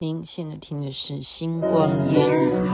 您現在聽的是《星光夜語》。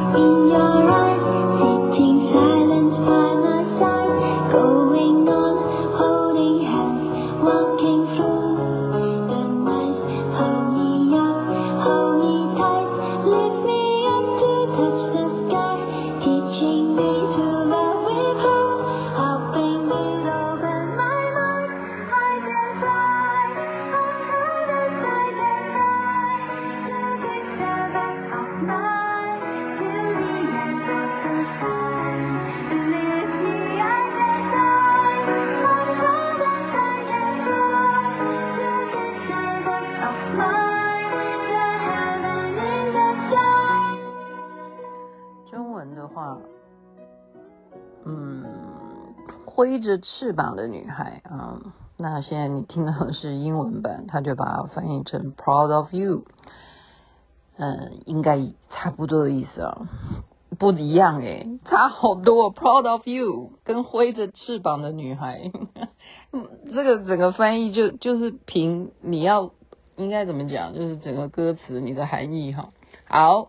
揮着翅膀的女孩啊、嗯，那現在你聽到的是英文版，她就把它翻譯成 Proud of you，嗯，應該差不多的意思啊、哦，不一樣哎，差好多，Proud of you 跟揮着翅膀的女孩， 這個整個翻譯就就是憑你要應該怎麼講，就是整個歌詞你的含義哈。好，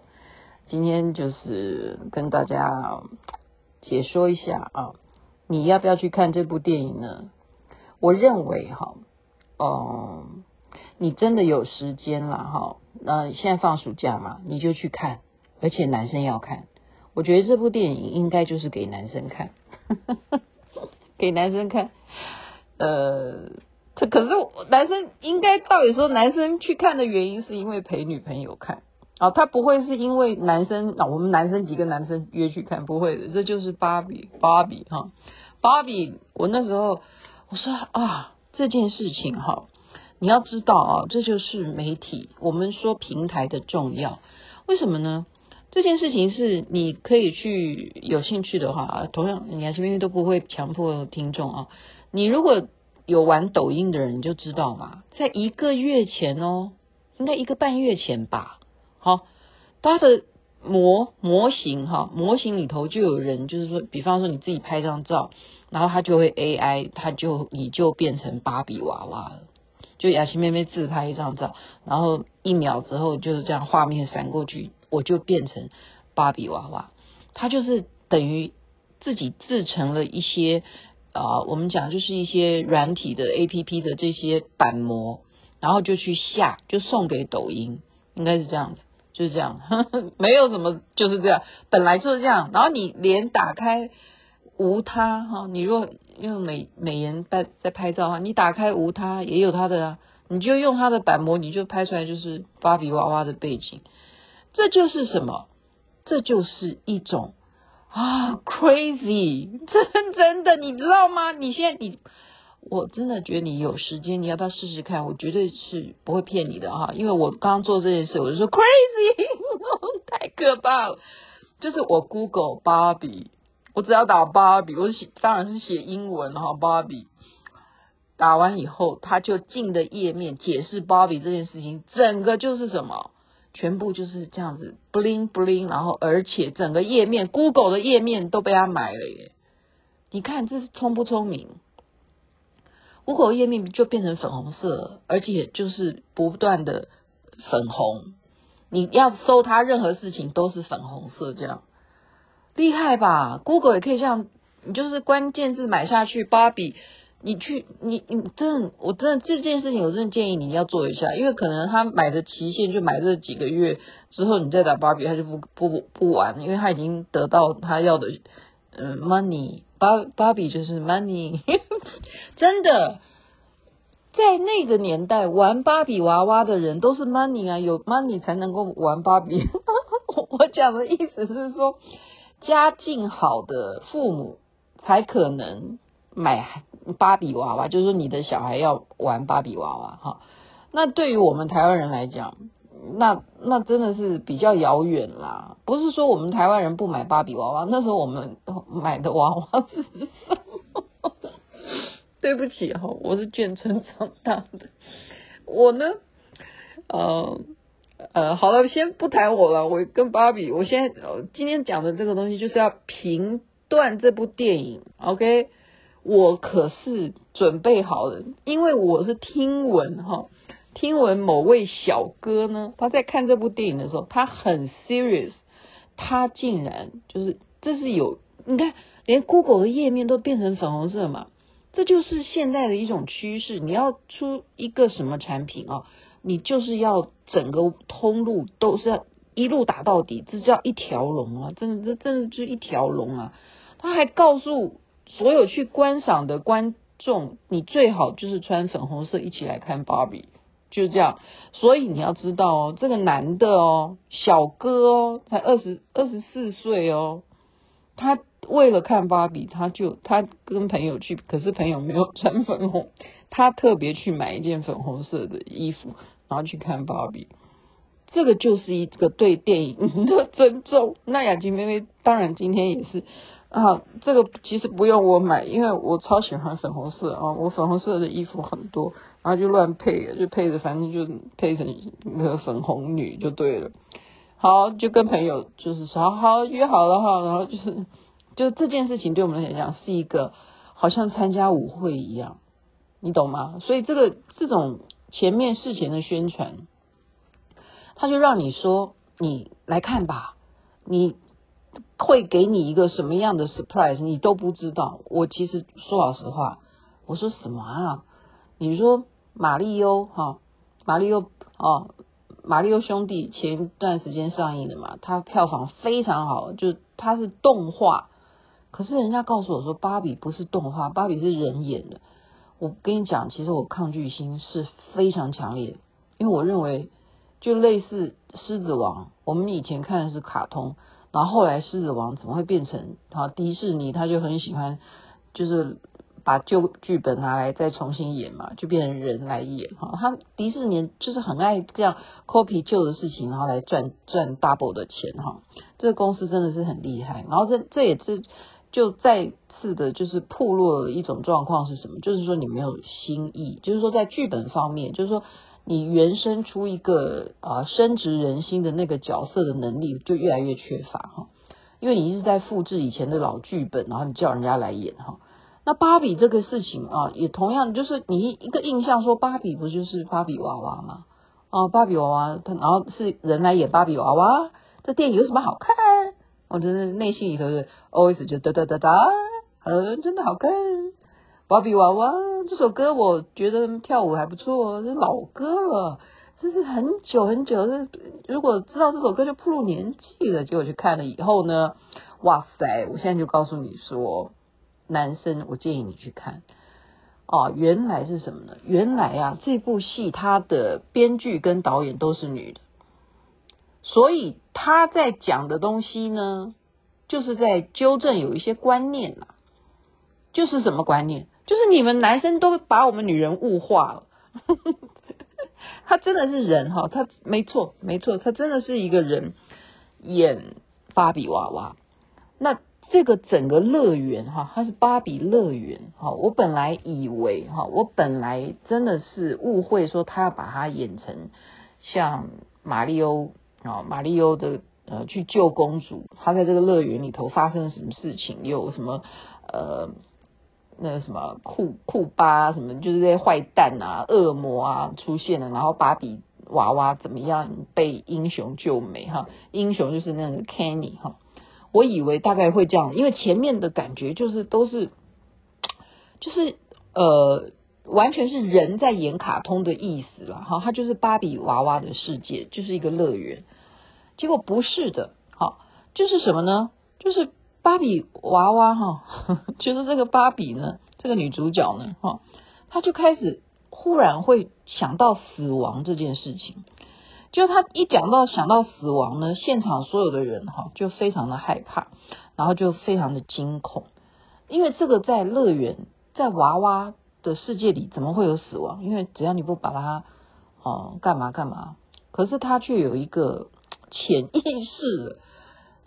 今天就是跟大家解說一下啊。你要不要去看這部電影呢？我認為哈，哦、嗯，你真的有時間了哈。那、嗯、現在放暑假嘛，你就去看。而且男生要看，我覺得這部電影應該就是給男生看， 給男生看。呃，這可是男生應該，到底說男生去看的原因，是因為陪女朋友看。哦，他不會是因為男生、哦，我們男生幾個男生約去看，不會的，這就是芭比，芭比哈，芭比。我那時候我說啊，這件事情哈、哦，你要知道啊、哦，這就是媒體，我們說平台的重要。為什麼呢？這件事情是你可以去有興趣的話，同樣，你還是因為都不會強迫聽眾啊、哦。你如果有玩抖音的人，你就知道嘛，在一個月前哦，應該一個半月前吧。好，它的模模型哈、啊，模型裡頭就有人，就是說，比方說你自己拍一張照，然後它就會 AI，它就你就變成芭比娃娃了。就雅琪妹妹自拍一張照，然後一秒之後就是這樣畫面閃過去，我就變成芭比娃娃。它就是等於自己製成了一些啊、呃，我們講就是一些軟體的 APP 的這些板模，然後就去下，就送給抖音，應該是這樣子。就是這樣呵呵，沒有什麼，就是這樣，本來就是這樣。然後你連打開無他。哈、哦，你若用美美顏在在拍照哈，你打開無他也有他的、啊，你就用他的板模，你就拍出來就是芭比娃娃的背景。這就是什麼？這就是一種啊，crazy！真真的，你知道嗎？你現在你。我真的覺得你有時間，你要不要試試看？我絕對是不會騙你的哈，因為我剛做這件事，我就說 crazy，太可怕了。就是我 Google Barbie，我只要打 Barbie，我寫當然是寫英文哈 Barbie，打完以後，他就進的頁面解釋 Barbie 這件事情，整個就是什麼，全部就是這樣子 bling bling，然後而且整個頁面 Google 的頁面都被他買了耶。你看這是聰不聰明？Google 頁面就變成粉紅色，而且就是不斷的粉紅。你要搜它任何事情都是粉紅色這樣，厲害吧？Google 也可以這樣。你就是關鍵字買下去，芭比，你去，你你真的，的我真的這件事情，我真的建議你要做一下，因為可能他買的期限就買這幾個月之後，你再打芭比，他就不不不不玩，因為他已經得到他要的嗯、呃、money，芭芭比就是 money。 真的，在那個年代玩芭比娃娃的人都是 money 啊，有 money 才能夠玩芭比。 我講的意思是說，家境好的父母才可能買芭比娃娃，就是說你的小孩要玩芭比娃娃哈。那對於我們台灣人來講，那那真的是比較遙遠啦。不是說我們台灣人不買芭比娃娃，那時候我們買的娃娃是。對不起哈，我是眷村長大的。我呢，呃呃，好了，先不談我了。我跟芭比，我現在，今天講的這個東西就是要評斷這部電影。OK，我可是準備好了，因為我是聽聞哈，聽聞某位小哥呢，他在看這部電影的時候，他很 serious，他竟然就是這是有，你看連 Google 的頁面都變成粉紅色嘛。這就是現在的一種趨勢，你要出一個什麼產品哦？你就是要整個通路都是要一路打到底，這叫一條龍啊！真的，這真的就是一條龍啊！他還告訴所有去觀賞的觀眾，你最好就是穿粉紅色一起來看芭比，就這樣。所以你要知道哦，這個男的哦，小哥哦，才二十二十四歲哦，他。為了看芭比，他就他跟朋友去，可是朋友沒有穿粉紅，他特別去買一件粉紅色的衣服，然後去看芭比。這個就是一個對電影的尊重。那雅琪妹妹當然今天也是啊，這個其實不用我買，因為我超喜歡粉紅色啊，我粉紅色的衣服很多，然後就亂配，就配着，反正就配成一個粉紅女就對了。好，就跟朋友就是說好約好了哈，然後就是。就這件事情對我們來講是一個，好像參加舞會一樣，你懂嗎？所以這個這種前面事前的宣傳，他就讓你說你來看吧，你會給你一個什麼樣的 surprise，你都不知道。我其實說老實話，我說什麼啊？你說瑪、哦《瑪利歐哈，哦《瑪利歐哦，《瑪利歐兄弟》前一段時間上映的嘛，它票房非常好，就它是動畫。可是人家告訴我說，芭比不是動畫，芭比是人演的。我跟你講，其實我抗拒心是非常強烈，因為我認為就類似《獅子王》，我們以前看的是卡通，然後後來《獅子王》怎麼會變成哈迪士尼？他就很喜歡就是把舊劇本拿來再重新演嘛，就變成人來演哈。他迪士尼就是很愛這樣 copy 舊的事情，然後來賺賺 double 的錢哈。這個公司真的是很厲害，然後這這也是。就再次的，就是暴露了一種狀況是什麼？就是說你沒有新意，就是說在劇本方面，就是說你原生出一個啊，深植人心的那個角色的能力就越來越缺乏哈、哦，因為你一直在複製以前的老劇本，然後你叫人家來演哈、哦。那芭比這個事情啊、哦，也同樣就是你一個印象說芭比不是就是芭比娃娃嗎？哦，芭比娃娃，然後是人來演芭比娃娃，這電影有什麼好看？我真的內心裡頭是 always 就噠噠噠噠，嗯，真的好看。芭比娃娃這首歌，我覺得跳舞還不錯，是老歌了，這是很久很久。是如果知道這首歌就步入年紀了，結果去看了以後呢，哇塞！我現在就告訴你說，男生，我建議你去看。哦、啊，原來是什麼呢？原來啊，這部戲它的編劇跟導演都是女的，所以。他在講的東西呢，就是在糾正有一些觀念啊，就是什麼觀念？就是你們男生都把我們女人物化了。呵呵，他真的是人哈，他沒錯沒錯，他真的是一個人演芭比娃娃。那這個整個樂園哈，他是芭比樂園哈。我本來以為哈，我本來真的是誤會說他要把它演成像馬里歐哦，瑪利歐的呃，去救公主，他在這個樂園裡頭發生了什麼事情？又有什麼呃，那個、什麼庫庫巴什麼，就是這些壞蛋啊、惡魔啊出現了，然後芭比娃娃怎麼樣被英雄救美哈？英雄就是那個 Kenny 哈，我以為大概會這樣，因為前面的感覺就是都是就是呃。完全是人在演卡通的意思了，哈，它就是芭比娃娃的世界，就是一個樂園。結果不是的，哈，就是什麼呢？就是芭比娃娃，哈，就是這個芭比呢，這個女主角呢，哈，她就開始忽然會想到死亡這件事情。就她一講到想到死亡呢，現場所有的人，哈，就非常的害怕，然後就非常的驚恐，因為這個在樂園，在娃娃。的世界裡怎麼會有死亡？因為只要你不把它哦幹嘛幹嘛，可是他卻有一個潛意識，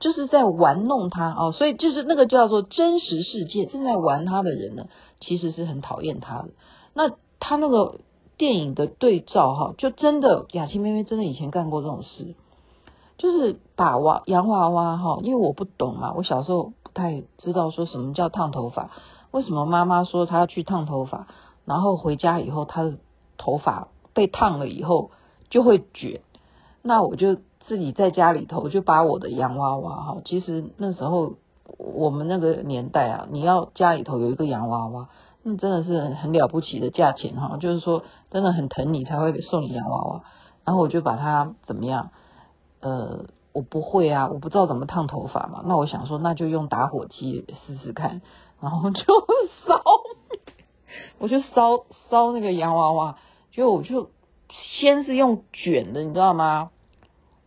就是在玩弄他哦。所以就是那個叫做真實世界正在玩他的人呢，其實是很討厭他的。那他那個電影的對照哈、哦，就真的雅琪妹妹真的以前幹過這種事，就是把娃洋娃娃哈、哦，因為我不懂嘛，我小時候不太知道說什麼叫燙頭髮。為什麼媽媽說她要去燙頭髮，然後回家以後她的頭髮被燙了以後就會捲？那我就自己在家裡頭，我就把我的洋娃娃哈，其實那時候我們那個年代啊，你要家裡頭有一個洋娃娃，那真的是很了不起的價錢哈，就是說真的很疼你才會給送你洋娃娃。然後我就把它怎麼樣？呃，我不會啊，我不知道怎麼燙頭髮嘛。那我想說，那就用打火機試試看。然後就燒，我就燒燒那個洋娃娃，就我就先是用捲的，你知道嗎？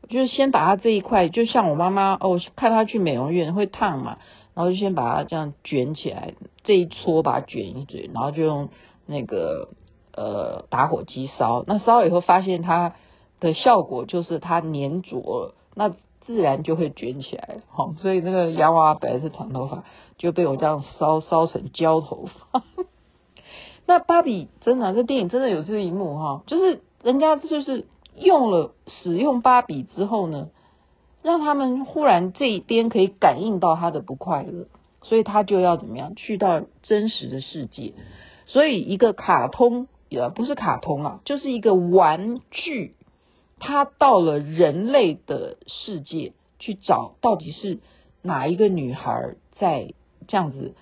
就是先把它這一塊，就像我媽媽哦，我看她去美容院會燙嘛，然後就先把它這樣捲起來，這一撮把它捲一捲，然後就用那個呃打火機燒，那燒以後發現它的效果就是它粘着那。自然就會卷起來、哦、所以那個洋娃娃本來是長頭髮，就被我這樣燒燒成焦頭髮。 那芭比真的、啊，這電影真的有這個一幕哈、哦，就是人家就是用了使用芭比之後呢，讓他們忽然這一邊可以感應到他的不快樂，所以他就要怎麼樣去到真實的世界，所以一個卡通也不是卡通啊，就是一個玩具。他到了人類的世界，去找到底是哪一個女孩在這樣子，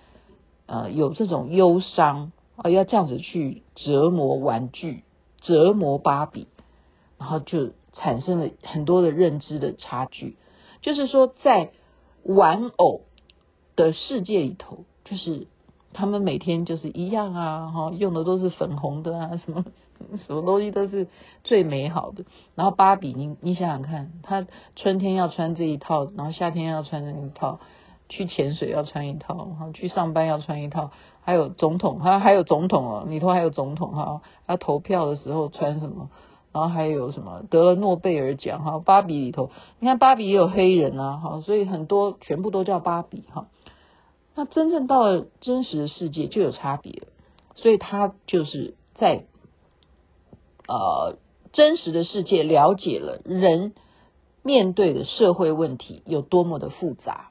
呃，有這種憂傷啊，要這樣子去折磨玩具，折磨芭比，然後就產生了很多的認知的差距，就是說在玩偶的世界裡頭，就是。他們每天就是一樣啊，哈，用的都是粉紅的啊，什麼什麼東西都是最美好的。然後芭比，你你想想看，她春天要穿這一套，然後夏天要穿那一套，去潛水要穿一套，去上班要穿一套，還有總統，她還有總統哦，裡頭還有總統哈，她投票的時候穿什麼，然後還有什麼得了諾貝爾獎哈，芭比裡頭，你看芭比也有黑人啊，哈，所以很多全部都叫芭比哈。那真正到了真實的世界就有差別了，所以他就是在呃真實的世界了解了人面對的社會問題有多麼的複雜，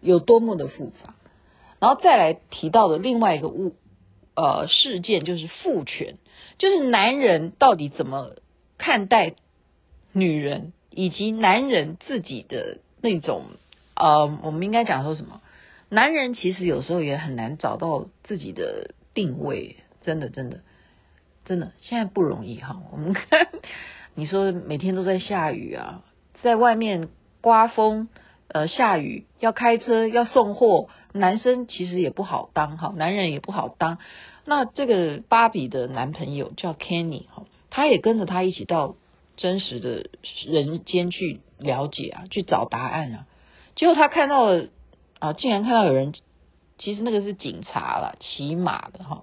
有多麼的複雜，然後再來提到的另外一個物呃事件就是父權，就是男人到底怎麼看待女人以及男人自己的那種呃，我們應該講說什麼？男人其實有時候也很難找到自己的定位，真的，真的，真的，現在不容易哈。我們看，你說每天都在下雨啊，在外面颳風，呃，下雨要開車要送貨，男生其實也不好當哈，男人也不好當。那這個芭比的男朋友叫 Kenny 哈，他也跟着他一起到真實的人間去了解啊，去找答案啊。結果他看到了。啊，竟然看到有人，其實那個是警察啦，騎馬的哈、哦。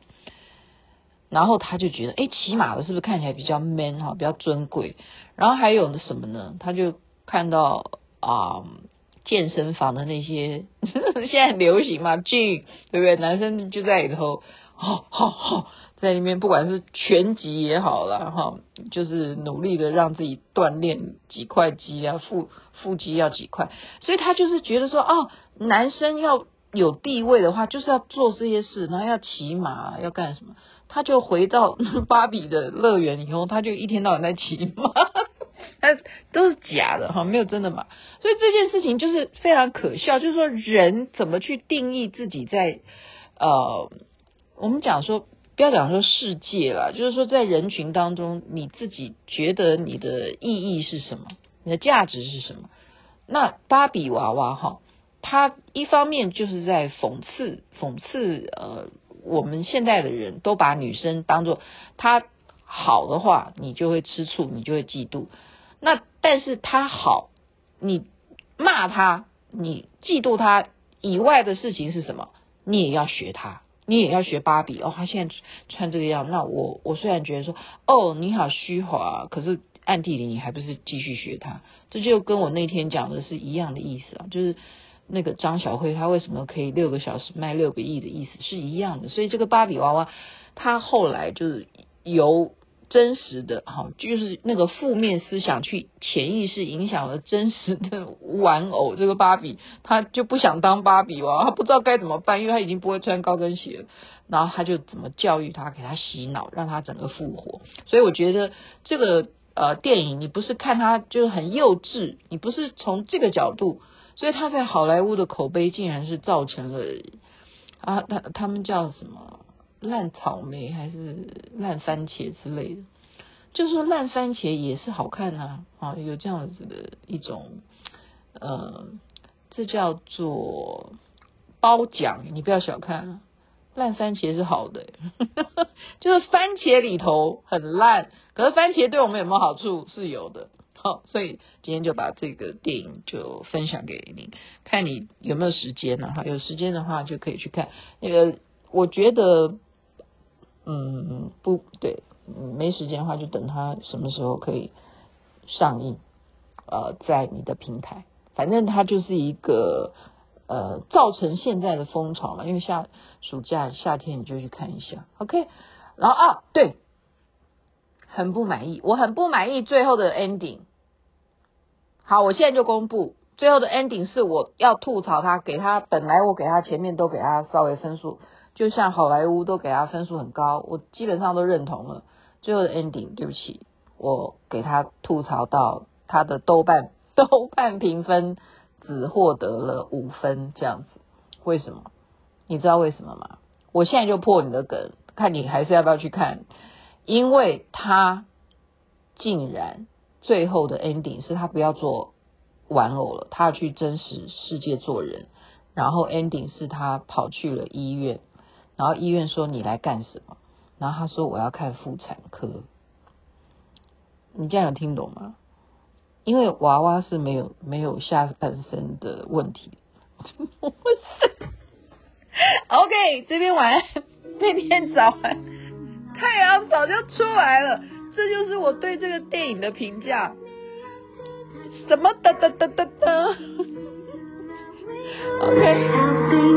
然後他就覺得，誒，騎馬的是不是看起來比較 man 哈、哦，比較尊貴？然後還有呢什麼呢？他就看到啊、嗯，健身房的那些呵呵現在很流行嘛，G 對不對？男生就在裡頭，哈哈哈。哦哦在裡面，不管是拳擊也好了哈、哦，就是努力的讓自己鍛鍊幾塊肌啊，腹腹肌要幾塊。所以他就是覺得說，哦，男生要有地位的話，就是要做這些事，然後要騎馬，要幹什麼？他就回到芭比的樂園以後，他就一天到晚在騎馬，他 都是假的哈、哦，沒有真的馬。所以這件事情就是非常可笑，就是說人怎麼去定義自己在呃，我們講說。不要講說世界了，就是說在人群當中，你自己覺得你的意義是什麼？你的價值是什麼？那芭比娃娃哈，她一方面就是在諷刺諷刺呃，我們現在的人都把女生當作她好的話，你就會吃醋，你就會嫉妒。那但是她好，你罵她，你嫉妒她以外的事情是什麼？你也要學她。你也要學芭比哦，她現在穿這個樣子，那我我雖然覺得說，哦，你好虛華，可是暗地裡你還不是繼續學她，這就跟我那天講的是一樣的意思啊，就是那個章小蕙她為什麼可以六個小時賣六個億的意思是一樣的，所以這個芭比娃娃她後來就是由。真實的哈，就是那個負面思想去潛意識影響了真實的玩偶，這個芭比她就不想當芭比娃娃，她不知道該怎麼辦，因為她已經不會穿高跟鞋了。然後他就怎麼教育她，給她洗腦，讓她整個復活。所以我覺得這個呃電影，你不是看他就是很幼稚，你不是從這個角度，所以他在好萊塢的口碑竟然是造成了啊，他他們叫什麼？爛草莓還是爛番茄之類的，就是說爛番茄也是好看啊、哦，有這樣子的一種，呃，這叫做褒獎。你不要小看爛番茄是好的、欸， 就是番茄裡頭很爛，可是番茄對我們有沒有好處是有的。好、哦，所以今天就把這個電影就分享給您，看你有沒有時間呢？哈，有時間的話就可以去看。那個我覺得。嗯，不對，沒時間的話就等他什麼時候可以上映，呃，在你的平台，反正它就是一個呃造成現在的風潮嘛，因為下暑假夏天你就去看一下，OK，然後啊，對，很不滿意，我很不滿意最後的 ending。好，我現在就公布最後的 ending 是我要吐槽他，給他，本來我給他前面都給他稍微分數。就像好萊塢都給他分數很高，我基本上都認同了。最後的 ending，對不起，我給他吐槽到他的豆瓣豆瓣評分只獲得了五分這樣子，為什麼？你知道為什麼嗎？我現在就破你的梗，看你還是要不要去看？因為他竟然最後的 ending 是他不要做玩偶了，他要去真實世界做人，然後 ending 是他跑去了醫院。然後醫院說，你來幹什麼？然後他說，我要看婦產科。你這樣有聽懂嗎？因為娃娃是沒有沒有下半身的問題。我是。OK，這邊玩，這邊找。太陽早就出來了，這就是我對這個電影的評價。什麼？噠噠噠噠噠。OK。